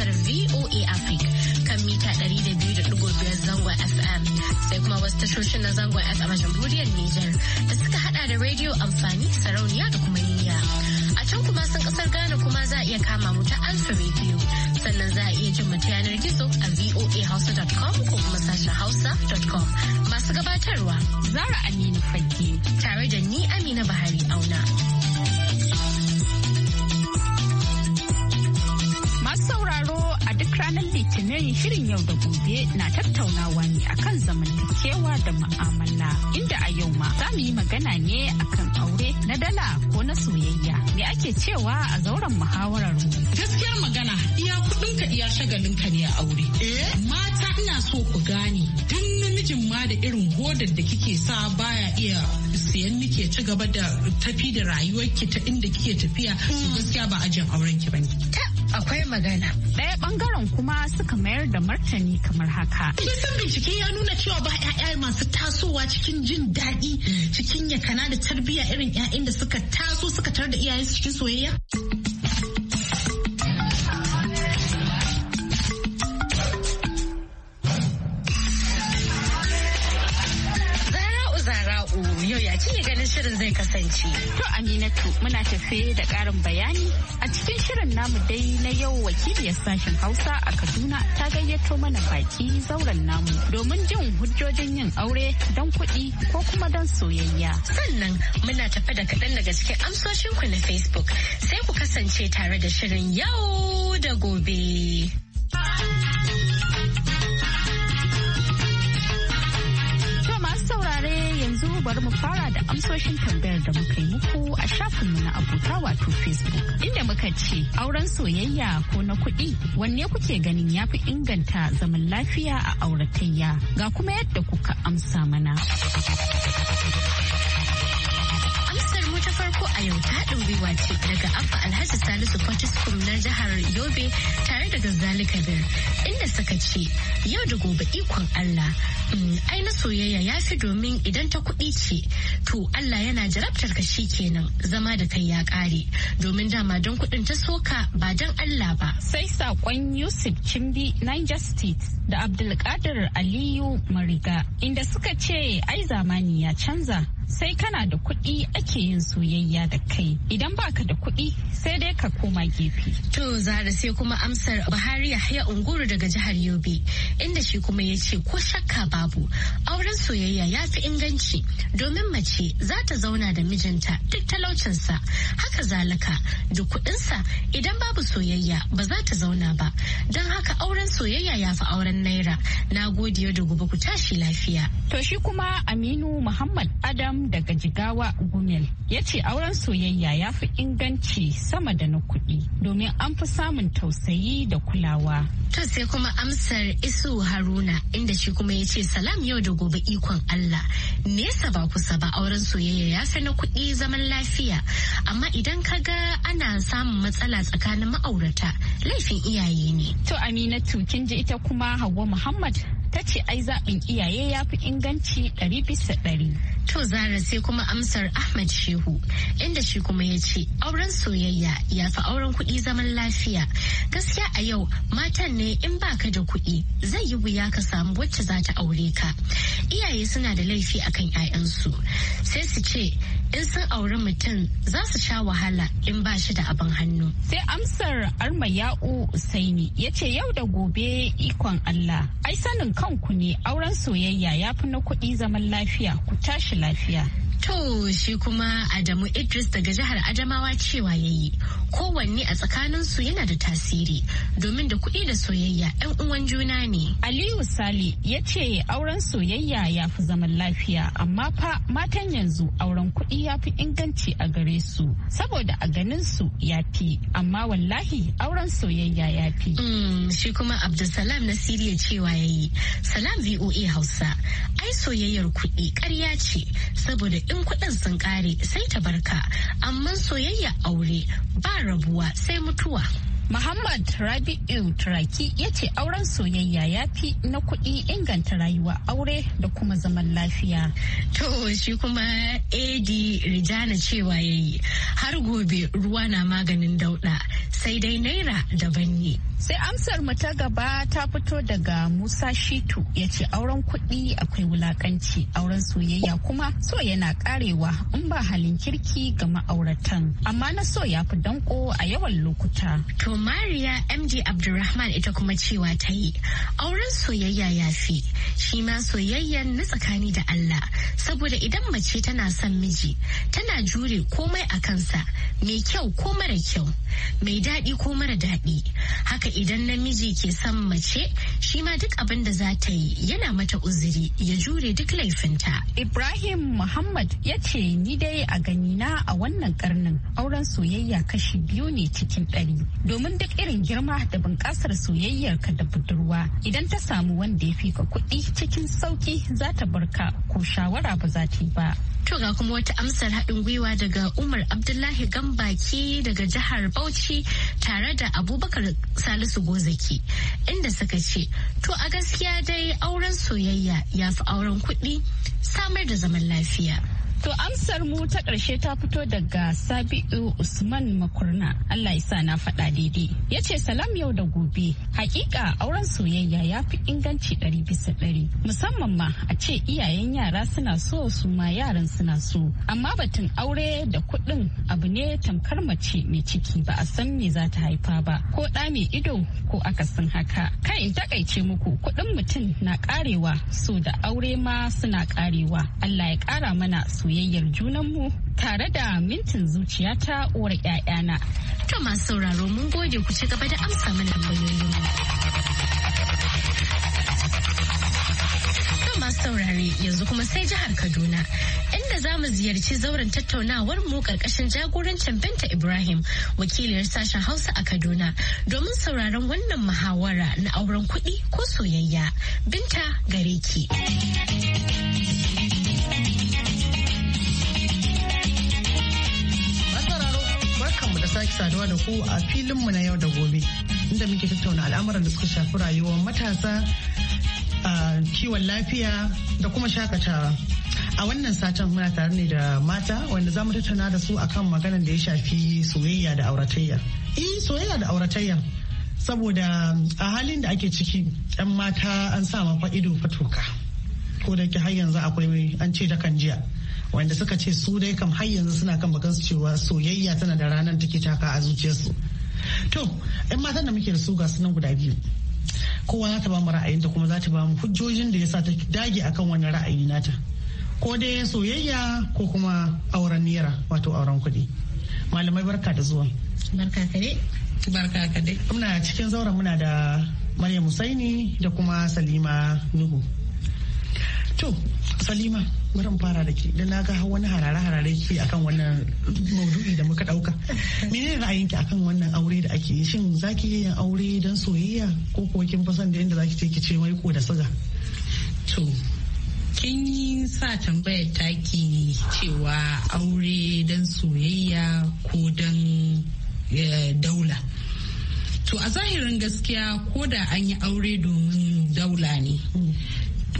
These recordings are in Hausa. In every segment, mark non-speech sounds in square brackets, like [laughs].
tashar VOA Africa kan mita 200.5 zangon FM sai kuma wasu tashoshin na zangon FM a jamhuriyar Nijar da suka hada da rediyo amfani sarauniya da kuma niyya. A can kuma sun kasar Ghana kuma za a iya kama mu ta Alfa Radio sannan za a iya jin ta yanar gizo a voahausa.com ko kuma sashen hausa.com masu gabatarwa Zara Aminu Fagge tare da ni Amina Bahari Auna. Litinin shirin yau da gobe na tattaunawa ne akan zamantakewa da ma'amala inda a yau ma za mu yi magana ne akan aure na dala ko na soyayya. Me ake cewa a zauren muhawarar mu? Gaskiyar magana iya kuɗinka iya shagalinka ne a aure. Eh? Mata ina so ku gane duk namijin ma da irin hodar da kike sa baya iya siyan nike ci gaba da tafi da rayuwarki ta inda kike tafiya mm. gaskiya ba ajin auren ki bane. akwai magana. Ɗaya ɓangaren kuma suka mayar da martani kamar haka. Kisan bincike ya nuna cewa ba 'ya'ya masu tasowa cikin jin daɗi cikin yakana da tarbiyya irin 'ya'yan da suka taso suka tar da iyayensu cikin soyayya. ya kike ganin shirin zai kasance. To Aminatu muna tafe da ƙarin bayani a cikin shirin namu dai na yau wakiliyar sashen Hausa a Kaduna ta gayyato mana baki zauren namu domin jin hujjojin yin aure don kuɗi ko kuma don soyayya. Sannan muna tafe da kaɗan daga cikin amsoshinku na Facebook sai ku kasance tare da shirin yau da gobe. bar bari mu fara da amsoshin tambayar da muka yi muku a shafin shafinmu na abota wato Facebook. Inda muka ce auren soyayya ko na kuɗi wanne kuke ganin ya fi inganta zaman lafiya a auratayya ga kuma yadda kuka amsa mana. a yau ta ɗorewa ce daga Abba Alhaji Salisu Fatiskum na jihar Yobe tare da gazali Kabir inda suka ce yau da gobe ikon Allah. Hmm, ai na soyayya ya fi domin idan ta kuɗi ce to Allah yana jarabtar ka shi kenan zama da kai ya ƙare domin dama don kuɗin ta soka ba don Allah ba. Sai saƙon Yusuf cimbi Niger State da Abdulkadir Aliyu Mariga inda suka ce ai zamani ya canza. sai kana da kuɗi ake yin soyayya da kai idan baka da kuɗi sai dai ka koma gefe. To zara sai kuma amsar Buhari ya Yahya Unguru daga jihar Yobe inda shi kuma ya ce ko shakka babu auren soyayya ya fi inganci domin mace za ta zauna da mijinta duk talaucinsa haka zalika da kuɗinsa idan babu soyayya ba za ta zauna ba don haka auren soyayya ya fi auren naira na gode da gobe ku tashi lafiya. To shi kuma Aminu Muhammad Adam daga Jigawa Gumel ya ce auren soyayya ya fi inganci sama da na kuɗi domin an fi samun tausayi da kulawa. To sai kuma amsar Isu Haruna inda shi kuma ya ce salam yau da gobe ikon Allah. Nesa ba kusa ba auren soyayya ya fi na kuɗi zaman lafiya. Amma idan ka ga ana samun matsala tsakanin ma'aurata laifin iyaye ne. To Aminatu kin ji ita kuma Hauwa Muhammad ta ce ai zaɓin iyaye ya fi inganci ɗari bisa ɗari. To zara sai kuma amsar Ahmad Shehu inda shi kuma ya ce auren soyayya ya fi auren kuɗi zaman lafiya. Gaskiya a yau matan ne in baka da kuɗi zai yi wuya ka samu wacce za ta aure ka. Iyaye suna da laifi akan 'ya'yansu sai su ce in sun auri mutum za su sha wahala in ba shi da abin hannu. Sai amsar arma ya'u Usaini ya ce yau da gobe ikon Allah. Ai sanin kanku ne auren soyayya ya fi na kuɗi zaman lafiya ku tashi lafiya. To shi kuma Adamu Idris daga jihar Adamawa cewa ya yi kowanne a tsakanin su yana da tasiri domin da kuɗi da soyayya 'yan uwan juna ne. Aliyu Sali ya ce auren soyayya ya fi zaman lafiya amma fa matan yanzu auren kuɗi ya fi inganci a gare su saboda a ganin su ya fi amma wallahi auren soyayya ya fi. Mm, shi kuma Abdulsalam na Siriya cewa ya yi Salam VOA Hausa ai soyayyar kuɗi ƙarya ce saboda in kuɗin sun ƙare sai ta barka amma soyayya aure ba rabuwa sai mutuwa. Muhammad Rabi'u Turaki ya ce auren soyayya ya fi na kuɗi inganta rayuwa aure da kuma zaman lafiya. To shi kuma AD Rijana cewa ya yi har gobe ruwa na maganin dauɗa sai dai naira daban ne. Sai amsar mu ta gaba ta fito daga Musa Shitu ya ce auren kuɗi akwai wulakanci auren soyayya kuma so yana karewa in ba halin kirki ga ma'auratan amma na so ya fi danko a yawan lokuta. To Mariya MD Abdulrahman ita kuma cewa ta yi, auren soyayya ya fi, shi ma soyayya na tsakani da Allah, saboda idan mace tana son miji, tana jure komai a kansa, mai kyau ko mara kyau, mai daɗi ko mara daɗi. Haka idan namiji ke son mace, shi ma duk abin da za ta yi yana mata uzuri ya jure duk laifinta. Ibrahim Muhammad ya ce ni dai a ganina a wannan karnin auren soyayya kashi biyu ne cikin ɗari. domin duk irin girma da bunƙasar ka da budurwa idan ta samu wanda ya fi ka kuɗi cikin sauki za ta ka ko shawara ba za ta yi ba. To ga kuma wata amsar haɗin gwiwa daga Umar Abdullahi Gambaki daga jihar Bauchi tare da Abubakar Salisu Gozaki inda suka ce, To a gaskiya dai auren soyayya ya fi auren kuɗi samar da zaman lafiya. To amsar mu ta ƙarshe ta fito daga Sabi'u Usman Makurna. Allah sa na faɗa daidai. Ya ce salam yau da gobe. Hakika auren soyayya ya fi inganci ɗari bisa ɗari. Musamman ma a ce iyayen yara suna so su ma yaran suna so. Amma batun aure da kuɗin abu ne tamkar mace mai ciki ba a san me za ta haifa ba. Ko ɗa mai ido ko akasin haka. Kan in takaice muku kuɗin mutum na ƙarewa so da aure ma suna ƙarewa. Allah ya ƙara mana so soyayyar junanmu tare da mintin zuciya ta uwar ƴaƴana To masu sauraro mun gode ku ci gaba da amsa mana to masu saurare yanzu kuma sai jihar Kaduna inda za mu ziyarci zauren tattaunawar mu ƙarƙashin jagorancin Binta Ibrahim wakiliyar sashen Hausa a Kaduna domin sauraron wannan muhawara na auren kuɗi ko soyayya. Binta gare ki. sake saduwa da ku a filinmu na yau da gobe inda muke tattauna al'amuran da suka shafi rayuwar matasa kiwon lafiya da kuma shakatawa. A wannan satin muna tare ne da mata wanda za mu tattauna da su akan maganar da ya shafi soyayya da auratayya. Eh soyayya da auratayya saboda a halin da ake ciki 'yan mata an sa mafa ido fatoka ko da ke har yanzu akwai an ce kan jiya. wanda suka ce su dai kam har yanzu suna kan bakan su cewa soyayya tana da ranar take taka a zuciyarsu to in matan da muke da su ga sunan guda biyu kowa za ta ba mu ra'ayinta kuma za ta ba mu hujjojin da yasa ta dage akan wani ra'ayi nata ko dai soyayya ko kuma auren naira wato auren kuɗi malamai barka da zuwa barka ka dai barka ka dai muna cikin zauren muna da Maryam Musaini da kuma Salima Nuhu to Salima bari fara da ke da na ga wani harare-harare ke akan wannan maudu'i da muka dauka menene ra'ayinki akan wannan aure da ake yi shin zaki yi yin aure don soyayya ko kuwa kin fasan son da yadda zaki ce ki ce wai ko da siga to kin yi sa tambayar taki cewa aure don soyayya ko don eh, daula to a zahirin gaskiya ko da an yi aure domin daula ne hmm.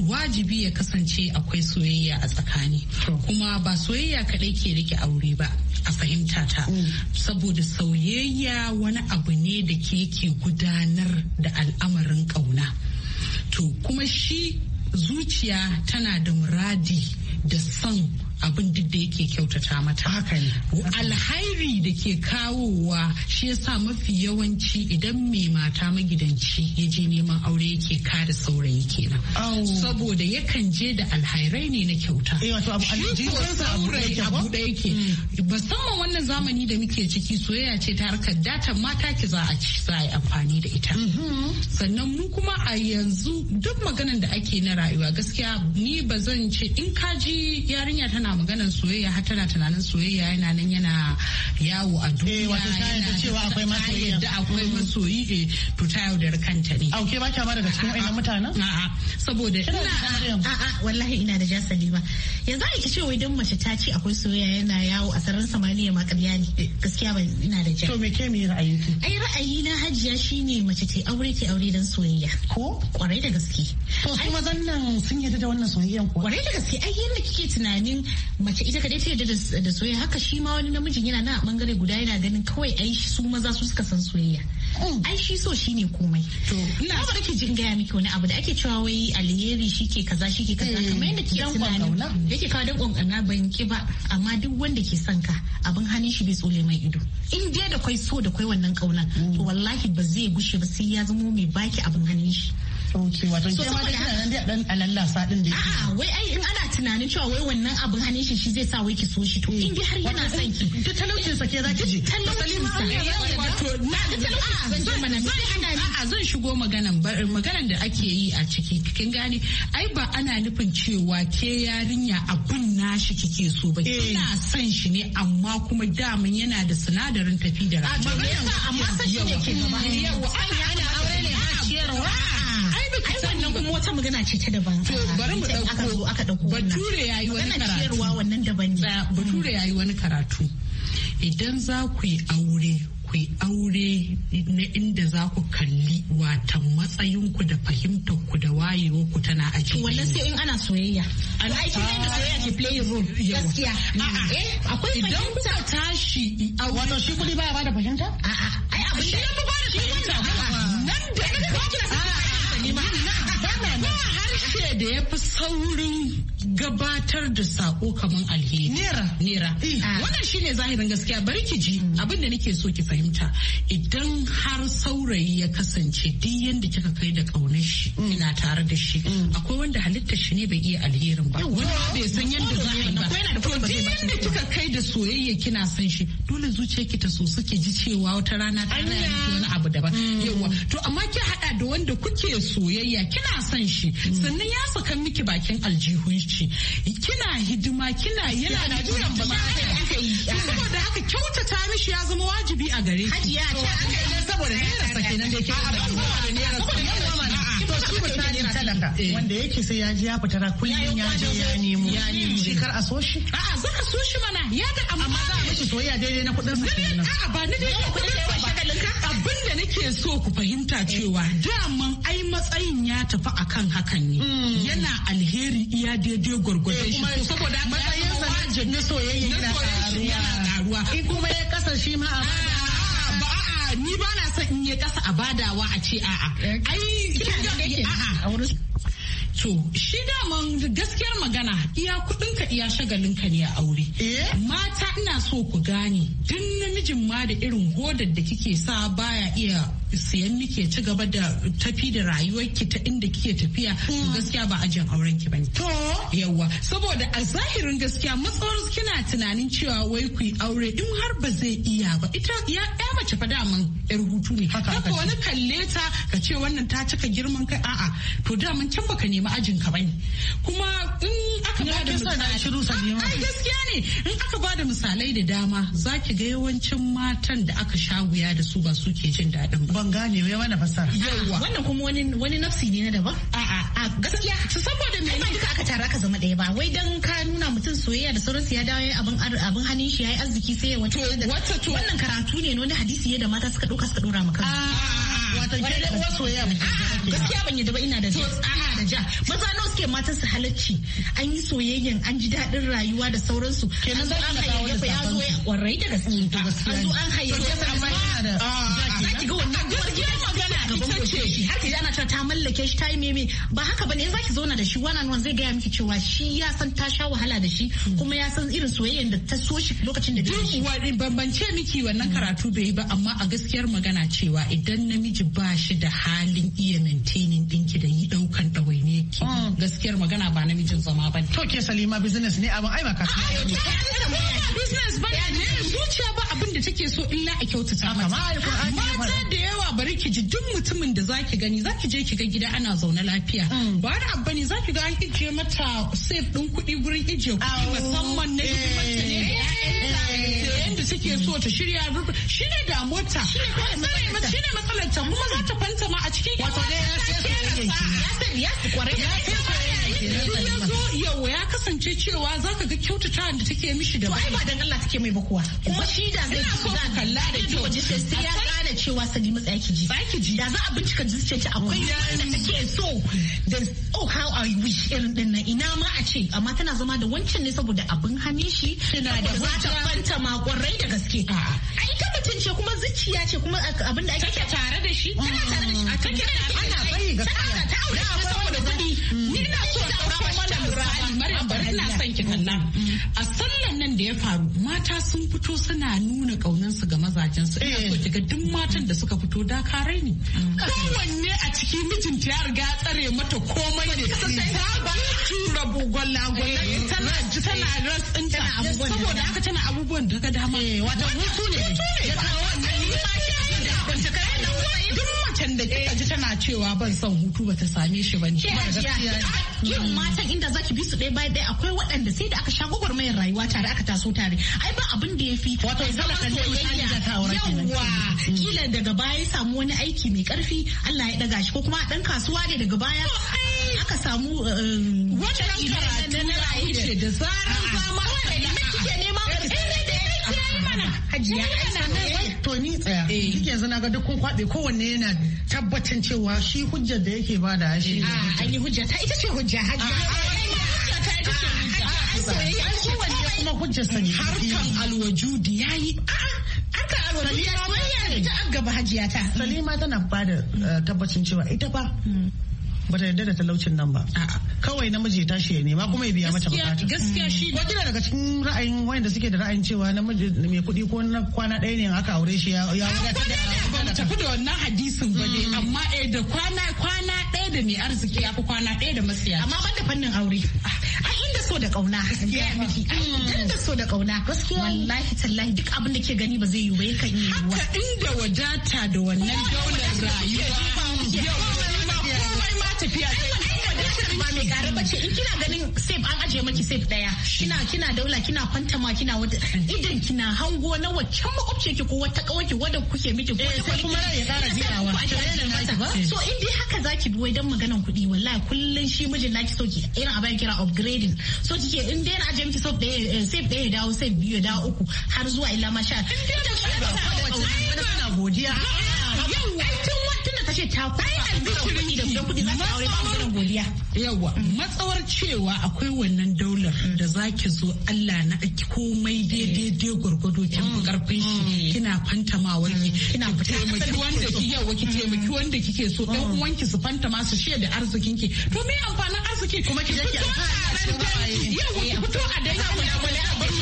wajibi ya kasance akwai soyayya a tsakani kuma ba soyayya kaɗai ke rike aure ba a fahimta ta mm. saboda soyayya wani abu ne da ke ke gudanar da al'amarin ƙauna to kuma shi zuciya tana da muradi da son abin duk da yake kyautata mata alhairi da ke kawowa shi yasa mafi yawanci idan mai mata magidanci ya je neman aure yake kada saurayi kenan saboda yakan je da alhairai ne na kyauta eh, hmm. musamman wannan zamani da muke ciki soyayya ce ta harkar datan mata ki za a ci za a yi amfani da ita mm-hmm. sannan mu kuma a yanzu duk maganan da ake na rayuwa gaskiya ni ba zan ce in kaji yarinya tana suna maganar soyayya har tana tunanin soyayya yana nan yana yawo a duniya. Eh wato ta yadda cewa akwai masoyi. akwai masoyi eh, to ta yaudar kanta ne. Auke ba kya ma daga cikin wayannan mutanen? A'a saboda ina a'a wallahi ina da jasali ba. Yanzu ake ce wai dan mace ta ce akwai soyayya yana yawo a sararin samaniya ma ƙarya ne. Eh, gaskiya ba ina da ja. To me ke mai ra'ayi ki? Ai ra'ayi na hajiya shine mace ta aure ta aure dan soyayya. Ko? Kwarai da gaske. To su mazan nan sun yarda da wannan soyayyan ko? Kwarai da gaske ai yanda kike tunanin mace ita kadai ta yarda da soyayya haka shi ma wani namijin yana nan na bangare guda yana ganin kawai ai su maza su suka san soyayya mm. ai shi so shi ne komai to ina ba da jin gaya miki wani abu da ake cewa wai alheri shi ke kaza shi ke kaza kamar yadda ki dan kwankana yake kawo dan kwankana ban ki ba amma duk wanda ke son ka abin hannun shi bai tsole mai ido in dai da kai so da kwai wannan kauna to mm. wallahi ba zai gushe ba sai ya zamo mai baki abin hannun shi ok wato ke ma da nan da dan alallasa din da a'a wai ai in ana tunanin cewa wai wannan abin hannun shi shi zai sa wai ki so shi to eh. in dai har yana son ki ta talaucin sa ke za ki ta talaucin sa wato na ta talaucin sa mana sai ana a'a zan shigo maganan maganan da ake yi a ciki kin gane ai ba ana nufin cewa ke yarinya abun nashi kike so ba eh. kina son shi ne amma kuma daman yana da sinadarin tafi da rayuwa amma sai ne ke gaba yawa ana aure ne a ciyarwa ai wannan kuma wata magana ce ta daban to bari mu dauko aka dauko bature yayi wani karatu ciyarwa wannan daban ne bature yayi wani karatu idan za ku yi aure ku yi aure na inda za ku kalli watan matsayinku da fahimtar ku da wayewa ku tana aji. Wannan sai in ana soyayya. Ana aiki da soyayya ke play role. Gaskiya. A'a. Mm, eh, akwai fahimta. Idan ku tashi. A Wato shi kuɗi baya bada fahimta? A'a. Ai abin da. Shi ya fi bada fahimta. Nan da. ce da ya fi saurin gabatar da sako kamar alheri. Nera. Eh, ah. wannan shine zahirin gaskiya bari ki ji mm. abin nake so ki fahimta idan har saurayi ya kasance duk yanda kika kai da kaunar shi mm. ina tare da shi mm. akwai wanda halitta shi ne bai iya alherin ba Wani bai san yadda za a yi ba to kika kai da soyayya kina san shi dole ki ta so suke ji cewa wata rana ta wani abu daban yawa to amma ki haɗa da wanda kuke soyayya kina son shi sannan ya saka miki bakin aljihun shi kina hidima kina yana da hakan ba ma aka yi saboda haka kyautata mishi ya zama wajibi a gare shi hajiya ta aka yi saboda ne da sake nan da ke a ba ne misalin talaka eh. wanda yake sai ya je ya fitara kullum ya je ya nemo ya nemo shi kar a so shi a'a za a so shi mana ya da amma za a mishi soyayya daidai na kudin sa a'a ba ni daidai kudin sa ba Abinda da nake so ku fahimta cewa daman ai matsayin ya tafi akan hakan ne hmm. yana alheri iya daidai gwargwadon eh, shi saboda matsayin sa na soyayya yana karuwa in kuma ya kasa shi ma a ni ba na son in yi kasa a badawa a ce a'a eh, ai kin [laughs] a'a To shi daman gaskiyar magana iya ka iya shagalinka ne a aure. Eh? Mata ina so ku gane duk namijin ma da irin hodar da kike sa baya iya siyan nike ci gaba da tafi da rayuwarki ta inda kike tafiya hmm. gaskiya ba ajin auren ki bane to yawa saboda a zahirin gaskiya matsawar kina tunanin cewa wai ku aure in har ba zai iya ba ita ya ya mace fa daman yar hutu ne haka wani kalle ta ka ce wannan ta cika girman kai a'a to daman can baka nema ba ajin ka bane kuma in aka ba da misalai ai gaskiya ne in aka ba da misalai da dama za ki ga yawancin matan da aka sha wuya da su ba su ke jin daɗin ba ban gane wai wani fasara yawa wannan kuma wani wani nafsi ne na daban a'a a gaskiya saboda me duka aka tara ka zama ɗaya ba wai dan ka nuna mutum soyayya da sauransu ya dawo abin abin hannun shi yayi arziki sai ya wata wannan karatu ne wani hadisi ne da mata suka ɗauka suka dora maka wato ke da uwar soyayya gaskiya ban da ba ina da a'a aka ja maza nawa suke matan su halacci an yi soyayyen an ji daɗin rayuwa da sauransu an zo an hayayyafa ya zo ya kwarai da gaskiya an zo an hayayyafa amma za ki ga wannan uwar gida magana ita ce har ki ana cewa ta mallake shi ta yi meme ba haka bane in zaki zauna da shi wannan wannan zai gaya miki cewa shi ya san ta sha wahala da shi kuma ya san irin soyayyar da ta so shi lokacin da duk wani bambance miki wannan karatu bai yi ba amma a gaskiyar magana cewa idan namiji ba shi da halin iya maintaining dinki da yi daukan dawaine ki mm. gaskiyar magana ba namijin zama ba to ke Salima business ne abin ai ba ka business zuciya ba abin da take so illa a kyautata mata mata da yawa bari ki ji duk mutumin da zaki gani zaki je ki ga gida ana zaune lafiya mm. ba wani abu ne zaki ga an ijiye mata sef din kuɗi gurin ijiye kuɗi musamman na hidimarta ne eh, eh. yadda take so ta shirya shi ne da mota. shi ne matsalar matsalarta kuma za ta fanta ma a cikin ya sai ya ta kwarai yau ya kasance cewa za ka ga kyautata da take mishi da bai. To ai ba dan Allah take mai ba kuwa. Kuma shi da zai so ka kalla da kyau. Sai ya gane cewa Salima tsaya ki ji. Tsaya ki ji. Da za a bincika ta akwai wanda take so da oh how I wish irin din nan ina ma a ce amma tana zama da wancan ne saboda abin hannun shi. Tana da wancan. za ta fanta makwarai da gaske. A'a. Ai ta mutunce kuma zuciya ce kuma abin da ake tare da shi. Tana tare da shi. a take tare da shi Ana bari gaskiya. Tana ta aure saboda kuɗi. Hmm. Ni na so A sallan nan da ya faru mata sun fito suna nuna kaunansu ga mazajen su. Ina so kiga duk matan da suka fito dakarai ne. Kowanne a ciki mijinta ya riga tsare mata komai ne. Ta ba tura bugon lagon tana ji tana rantsin tana abubuwan. Saboda haka tana abubuwan daga dama. Eh, Wata hutu ne. Hutu ne. Ya kawo wannan ni ma ya yi da kai kwanciyar. Duk macen da ke tana cewa ban son hutu bata same shi ba ne. Yin mm. matan inda zaki bi su ɗaya bayan ɗaya akwai waɗanda sai da aka sha gwagwarmayar rayuwa tare aka taso tare. Ai ba abin da ya fi. Wato zama soyayya. Yawwa. Mm. Kila daga baya ya samu wani aiki mai ƙarfi Allah ya ɗaga shi ko kuma ɗan kasuwa ne daga baya. Aka samu. Uh, uh, Wannan karatu na rayu da zaran zama. ya nema. Eh, Hajiya. duk eh. yanzu na ga duk kun kwaɓe kowanne yana tabbatan cewa shi hujjar da yake ba da shi ah, a an yi hujja ta ita ce hujja kuma hujjar sani harkan eh. alwajudi yayi ah, ah, harkan alwajudi ya ta gaba hajiya ta salima tana bada eh, tabbacin cewa ita fa hmm. bata yarda da talaucin nan ba kawai namiji ta shi ne ma kuma ya biya mata bukata gaskiya hmm. shi ko kina daga cikin ra'ayin wanda suke da ra'ayin cewa namiji mai kuɗi ko na kwana ɗaya ne aka aure shi ya ya wadatar da ban tafi da wannan hadisin ba ne hmm. amma eh da kwana kwana ɗaya da mai arziki ya fi kwana ɗaya da masiya amma ban da fannin aure A ah, inda so da kauna gaskiya miki hmm. inda so da kauna gaskiya wallahi tallahi duk abin da ke gani ba zai yi ba yakan yi haka inda wadata da wannan daular rayuwa yau tafiya ba mai gara bace in kina ganin safe an ajiye maki safe daya kina kina daula kina ma kina wata idan kina hango na waccan makwabce ki ko wata kawaki wadda kuke miki ko eh, sai kuma ran ya kara jirawa so in dai haka zaki bi wai dan maganan kuɗi wallahi kullun shi mijin naki so ki irin abai kira upgrading so kike in dai na ajiye miki safe daya eh, safe daya ya dawo safe biyu ya dawo uku har zuwa illa masha Allah. Ina godiya. Yau kashe ce ta kuɗi da kuɗi ta aure ba matsawar cewa akwai wannan daular mm. da za ki zo Allah na aiki komai daidai daidai gwargwado kin fi karfin shi mm. kina fantamawa ki mm. kina taimaki wanda ki yawa ki taimaki wanda kike so dan ki su fantama su da arzikin ki to me amfanin arziki kuma ki je ki alfahari yawa ki eh, fito a dai ku na bale a bari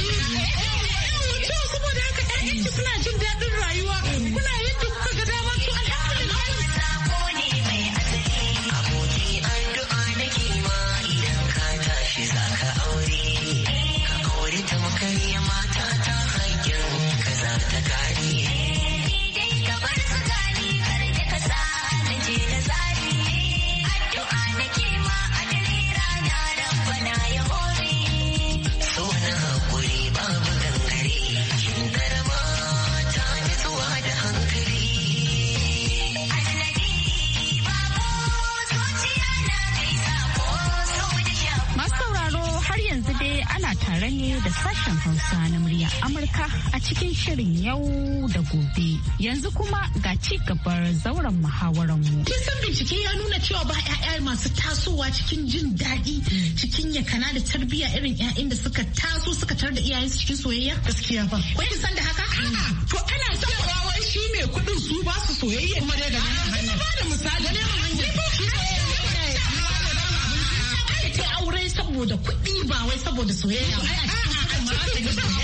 saboda haka ƴaƴanki suna jin daɗin rayuwa kuna yin cikin shirin yau da gobe. Yanzu kuma ga ci gabar zauren muhawarar mu. Kin san bincike ya nuna cewa ba 'ya'ya masu tasowa cikin jin daɗi cikin yakana da tarbiyya irin 'ya'yan da suka taso suka tar da iyayensu cikin soyayya? Gaskiya ba. Wai san da haka? To ana son. wai shi ne kuɗin su ba su soyayya. Kuma dai ga hanya. hanyar. da aure saboda kuɗi ba wai saboda soyayya ba.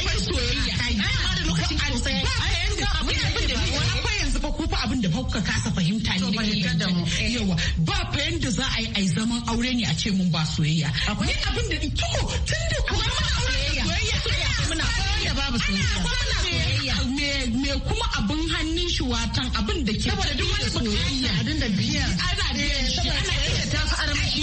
sosai akwai yanzu fa ku fa abin da kuka kasa fahimta ne da yawa ba fa yanda za a yi ai zaman aure ne a ce mun ba soyayya akwai abin da to tun da kuma muna soyayya muna soyayya babu soyayya me kuma abin hannun shi watan abin da ke saboda duk wani soyayya da biya ana biya shi ana iya tafi armashi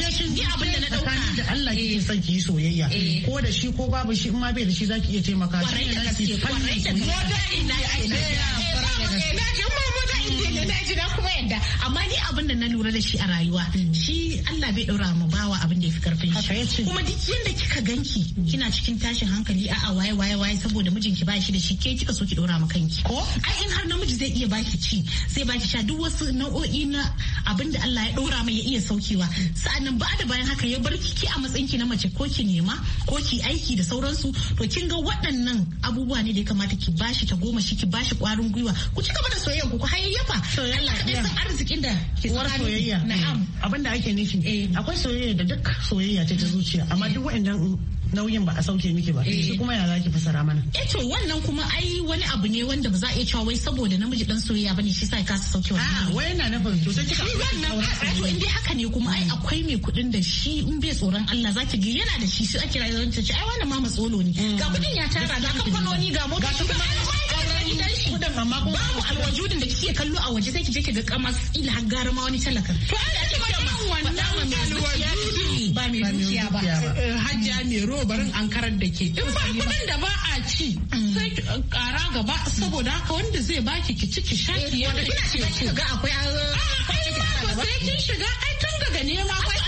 ke kin ji abin da na dauka da Allah ke son ki yi soyayya eh. ko da shi ko babu shi in ma bai da shi zaki iya taimaka shi ne nasi fanni soyayya. Mota ina eh, eh, ina ina ina ina ina da na ji na kuma yadda amma ni abin da na lura da shi a rayuwa shi Allah bai daura mu bawa abin da ya fi karfin shi kuma duk yanda kika ganki kina cikin tashin hankali a'a waye waye waye saboda mijinki ba shi da shi ke kika so ki daura ma kanki ko ai in har namiji zai iya baki ci sai baki sha duk wasu nau'o'i na abin da Allah ya daura mai ya iya saukewa sa'annan ba da bayan haka ya bar ki a matsayin ki na mace ko ki nema ko ki aiki da sauransu to kin ga waɗannan abubuwa ne da ya kamata ki bashi ta goma shi ki bashi kwarin gwiwa ku ci gaba da soyayya ku hayayyafa soyayya arzikin da uwar soyayya na'am eh. abin da ake nufi eh. akwai soyayya da duk soyayya ce ta zuciya amma duk waɗannan nauyin ba a sauke miki ba eh. shi kuma ya zaki fasara mana eh to wannan kuma ai wani abu ne wanda ba za a iya cewa wai saboda namiji dan soyayya bane shi sa ya kasa sauke wannan a ah, wai yana nufin to sai kika wannan to inda haka ne kuma ai hmm. akwai mai kuɗin da shi in bai tsoron Allah zaki ji yana da shi shi ake rayuwar ta ce ai wannan ma matsolo ne hmm. ga kuɗin ya tara da kamfanoni ga motoci ga ma gidan shi babu alwajudin da kike kallo a waje sai ki je ki ga kamar ila har gara ma wani talaka to ai da kuma wannan alwajudin eh, ba mai dukiya ba eh, hajja mai robarin an karar da ke in ba kuɗin da ba a ci mm. sai ki kara eh, gaba mm. saboda haka wanda zai baki ki ci ki sha ki shiga. kike so ga ba sai kin shiga ai tun daga nema ba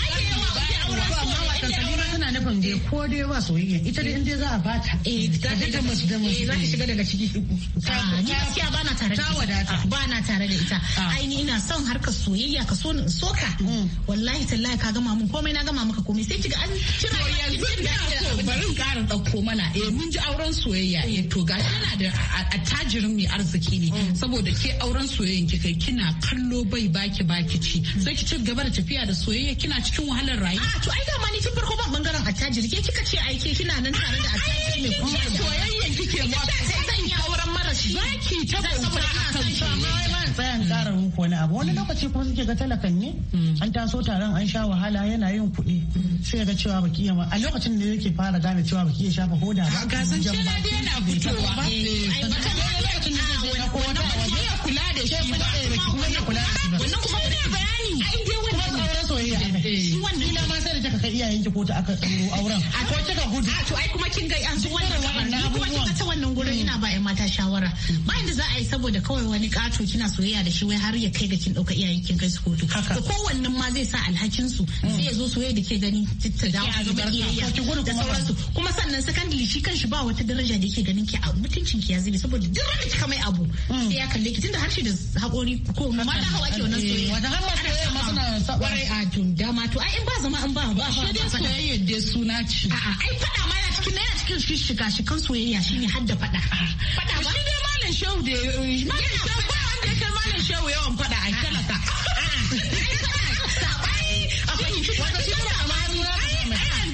tana nufin dai ko dai ba soyayya ita dai in dai za a bata eh za ta masu da masu za ta shiga daga ciki ni gaskiya ba na tare da ita ba na tare da ita ai ni ina son harkar soyayya ka so ni so ka wallahi tallahi ka gama mun komai na gama maka komai sai kiga an kira yanzu ina so bari in ƙara dauko mana eh mun ji auren soyayya eh to gashi yana da attajirin mai arziki ne saboda ke auren soyayyan kika kina kallo bai baki baki ci sai ki ci gaba da tafiya da soyayya kina cikin wahalar rayuwa to ai da mani tun farko ban bangaren attajiri ke kika ce aike kina nan tare da attajiri mai kuma soyayyen kike ma zan yi auren marashi zaki ta bauta a kan shi tsayan tsara muku wani abu wani lokaci kuma suke ga talakan ne hmm. an taso taron an sha wahala yana yin kuɗi hmm. sai ga cewa baki ma. a lokacin da yake fara gane cewa baki ya shafa hoda ba ga san cewa yana fitowa ba eh, lokacin da zai na kowa da eh, kula da shi ba wannan kuma ne bayani ai dai wannan soyayya eh. shi wannan iya yanke ko ta aka tsoro auren [laughs] ko kika gudu a to ai kuma kin ga yanzu wannan wannan abubuwan kuma ta wannan gurin ina ba ƴan mata shawara mm. ba inda za a yi saboda kawai wani kato kina soyayya da shi wai har ya kai ga kin dauka iyayen kin kai su kotu Ko kowannen ma zai sa alhakin su mm. sai ya zo soyayya da ke gani titta da zama iyayya da sauransu kuma sannan secondly shi kanshi ba wata daraja da yake ganin ki a mutuncin ki ya zube saboda duk ranar kika mai abu mm. sai ya kalle ki tunda shi da hakori ko mata hawa ke wannan eh, soyayya wata har ma soyayya ma suna kwarai a tun dama to ai in ba zama in ba ba ashe suna a'a ai fada ma yana cikin yana cikin shishika shikan soyayya ne har da Faɗa ba shi malam shehu da eh, malam shehu ba wanda ya kai malam shehu yawan faɗa a talaka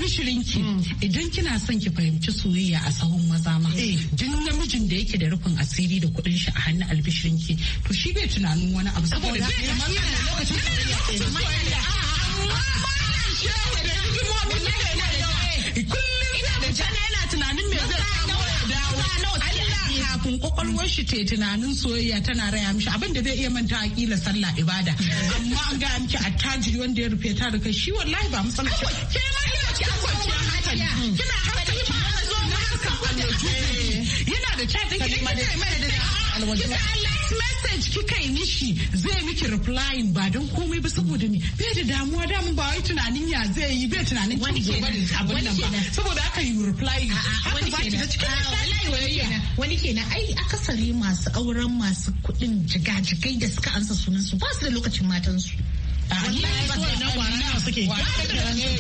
shirinki hmm. idan kina son ki fahimci soyayya a sahun maza ma duk eh. namijin da yake da rufin asiri da kuɗin shi a hannun albishirinki to shi bai tunanin wani abu saboda bai da lokacin [laughs] soyayya shehu kwakwalwar shi ta tunanin soyayya tana raya mishi abin da zai iya manta kila sallah ibada amma an ga miki attajiri wanda ya rufe ta da kai shi wallahi ba musamman ke ma kina ki kwanciyar hankali kina hankali ma zo na haka yana da chat din mai da alwaji message kika yi mishi zai miki replying ba don komai ba saboda ni bai da damuwa mun ba wai tunanin ya zai yi bai tunanin cin gobe da abin nan ba saboda aka yi reply wani kenan wani kenan ai akasari masu auren masu kuɗin jigajigai da suka ansa sunan su ba su da lokacin matansu. Wallahi ba su da lokacin matansu.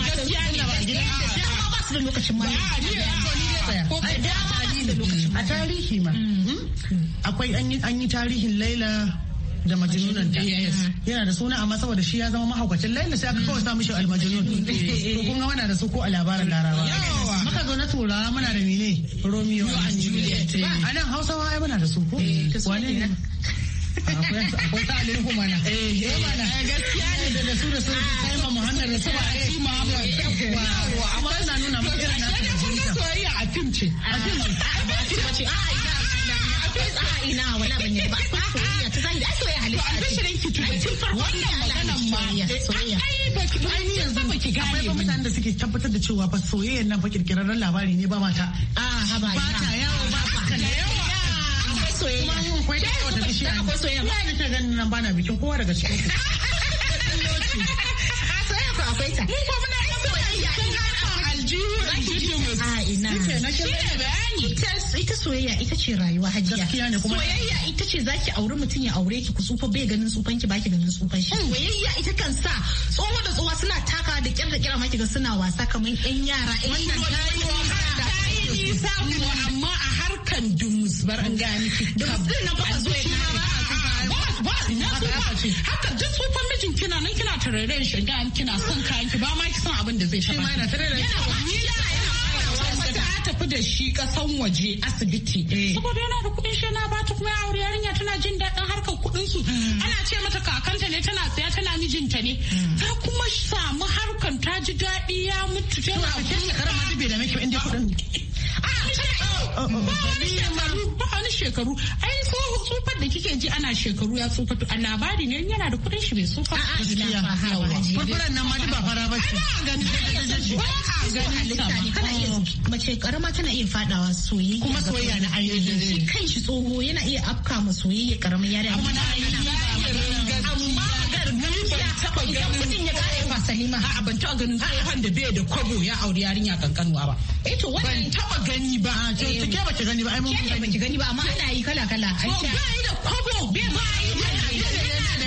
Ba su da lokacin matansu. a tarihi ma hmm? Hmm? akwai an yi tarihin laila da majnunan ta yana da suna amma saboda shi ya zama mahaukacin laila sai aka kawai sa mishi almajnun hmm. to kun ga wana da su ko a labarin larabawa maka zo na turawa muna da mene romeo and juliet eh. a nan hausawa ai muna da su ko eh, wane ne akwai ta alin kuma na gaskiya ne eh, da su da su kai ma muhammad da su ba ah, a ai muhammad amma suna nuna maka A ce a fim a fim a ina wala ban yi ba ta halitta ki tun farko wannan maganan ma soyayya akwai mutanen da suke tabbatar da cewa ba nan fa kirkirarren labari ne ba mata a ba ta yawo ba ta yawo akwai soyayya akwai da soyayya ba nan bana bikin kowa daga cikin [laughs] a soyayya ko akwai ta mun ko muna soyayya ji a ina ita soyayya ita ce rayuwa hajiya soyayya ita ce zaki aure mutum ya aure ki ku tsufa bai ganin tsufan ki baki ganin tsufan shi soyayya ita kan sa tsoho da tsohuwa suna taka da kyar da kyar ma kiga suna wasa kamar yan yara wannan tayi nisa amma a harkan dumus bar an ga miki dumus din nan ba zo ya ba ina su ba haka duk tsufan mijin kina nan kina tarare shi ga kina son kayan ki ba ma ki san abin da zai taba yana tarare tafi da shi kasan waje asibiti eh. saboda yana da kuɗin shi na bata kuma aure yarinya tana jin daɗin harkar kuɗin su hmm. ana ce mata kakanta ne tana tsaya tana mijinta ne hmm. ta kuma samu harkar ta ji daɗi ya mutu tana ba wani shekaru ai tsufar da kike ji ana shekaru ya tsufa to labari ne yana da kudin shi bai tsufa a ina ba hawa nan ma ba fara ba ce ba gani ba gani ma tana iya fadawa soyayya kuma soyayya na ainihin shi kan shi tsoho yana iya afka ma soyayya karamin yare amma na ya Salima a'a ban taba ganin tsohon da bai da kwabo ya auri ba ban taba gani ba ke gani ba gani ba yi kala kala Ba yi da kwabo ba yi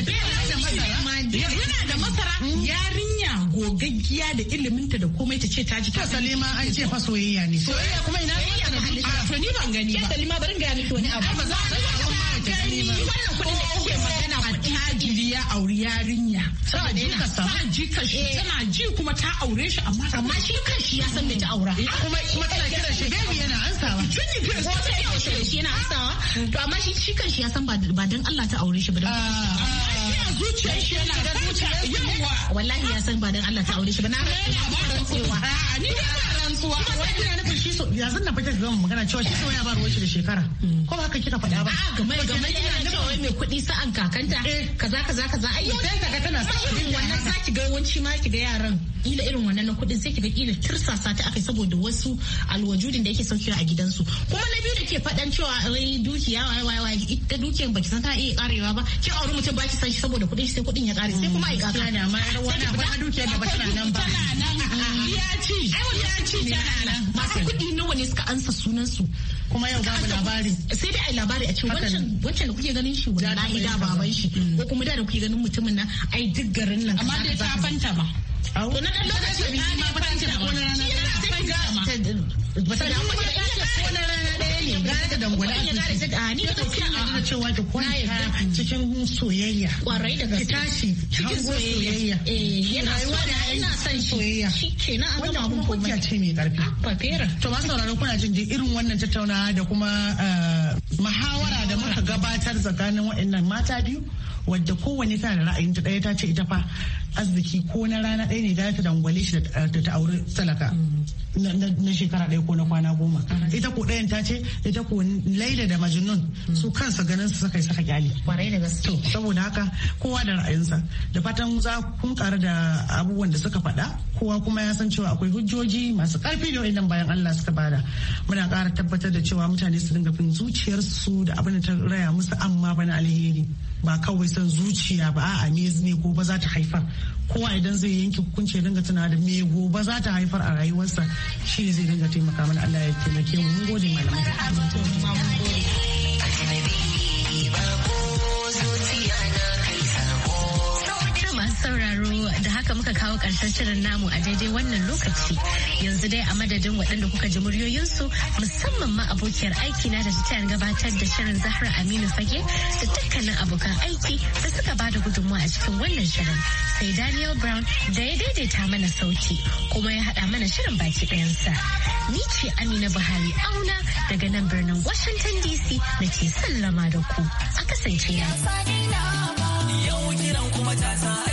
da masara yana da masara gaggiya da iliminta da komai ta ce ta ji ta salima an ce fa soyayya ne soyayya kuma ina soyayya ga halitta to ni ban gani ba salima bari ga miki wani abu ba za ka ga wannan kudin da kake magana attajiri ya auri yarinya tana jika sa jika shi eh. tana ji kuma ta aure shi amma amma shi kan shi ya san me ta aura eh. kuma kuma tana kiran shi baby yana ansawa tuni kiran shi yana ansawa to amma shi shi ya san ba dan Allah ta aure shi ba dan ah, yana zuciyar shi yana da zuciya yawa wallahi ya san ba dan Allah ta aure shi ba na rantsuwa ni ba rantsuwa wai kina nufin shi so ya zanna fitar da magana cewa shi so ya ba ruwan da shekara ko ba haka kika faɗa ba a game game kina nufin wai mai kuɗi sa'an kakanta eh. kaza kaza kaza ai sai daga tana wannan za ga yawanci ma ki ga yaran kila irin wannan na kuɗin sai ki ga kila tirsasa ta akai saboda wasu alwajudin da yake saukewa a gidansu kuma na biyu da ke faɗan cewa rai dukiya waye waye waye ita dukiyar baki san ta iya karewa ba ki auri mutum baki san shi saboda kuɗin sai kuɗin ya kare sai kuma ai kaka sai da ba tana nan ba ci ai wannan ci tana nan masu kuɗi nawa ne suka ansa sunan su kuma yau babu labari sai dai ai labari a ce wancan wancan da kuke ganin shi wallahi da baban shi ko kuma da da kuke ganin mutumin nan ai duk garin nan amma dai ta fanta ba to na dan lokaci ne ba cikin soyayya kwarai da gaske tashi cikin soyayya eh yana da ina son soyayya an gama kuma ce mai karfi ah, to ba sauraro kuna jin irin wannan tattaunawa da kuma eh, muhawara da muka gabatar tsakanin waɗannan mata biyu wadda kowane ta da ra'ayin ta ɗaya ta ce ita fa arziki ko na rana ɗaya ne da ta dangwale shi da ta auri talaka mm. na shekara ɗaya ko na kwana goma ita ko ɗayan ta ce ita ko laila da majnun su kansa ganin su saka saka kyali kwarai da gaske saboda haka kowa da ra'ayinsa da fatan za kun ƙara da abubuwan da suka faɗa kowa kuma ya san cewa akwai hujjoji masu ƙarfi da wa'idan bayan Allah suka bada muna ƙara tabbatar da cewa mutane su dinga bin zuciyarsu da abin da ta raya musu amma bana alheri ba kawai san zuciya ba a'a me ne gobe za ta haifar kowa idan zai yanke hukunci ya dinga tuna da me gobe za ta haifar a rayuwarsa shi ne zai dinga taimaka mana Allah ya taimake mu mun gode malamai sauraro da haka muka kawo ƙarshen shirin namu a daidai wannan lokaci yanzu dai a madadin waɗanda kuka ji muryoyinsu musamman ma abokiyar aiki na da ta gabatar da shirin zahra aminu fage da dukkanin abokan aiki da suka bada gudunmawa a cikin wannan shirin sai daniel brown da ya daidaita mana sauti kuma ya haɗa mana shirin baki ɗayansa ni ce amina buhari auna daga nan birnin washington dc da ke sallama da ku a kasance yau. kiran kuma ta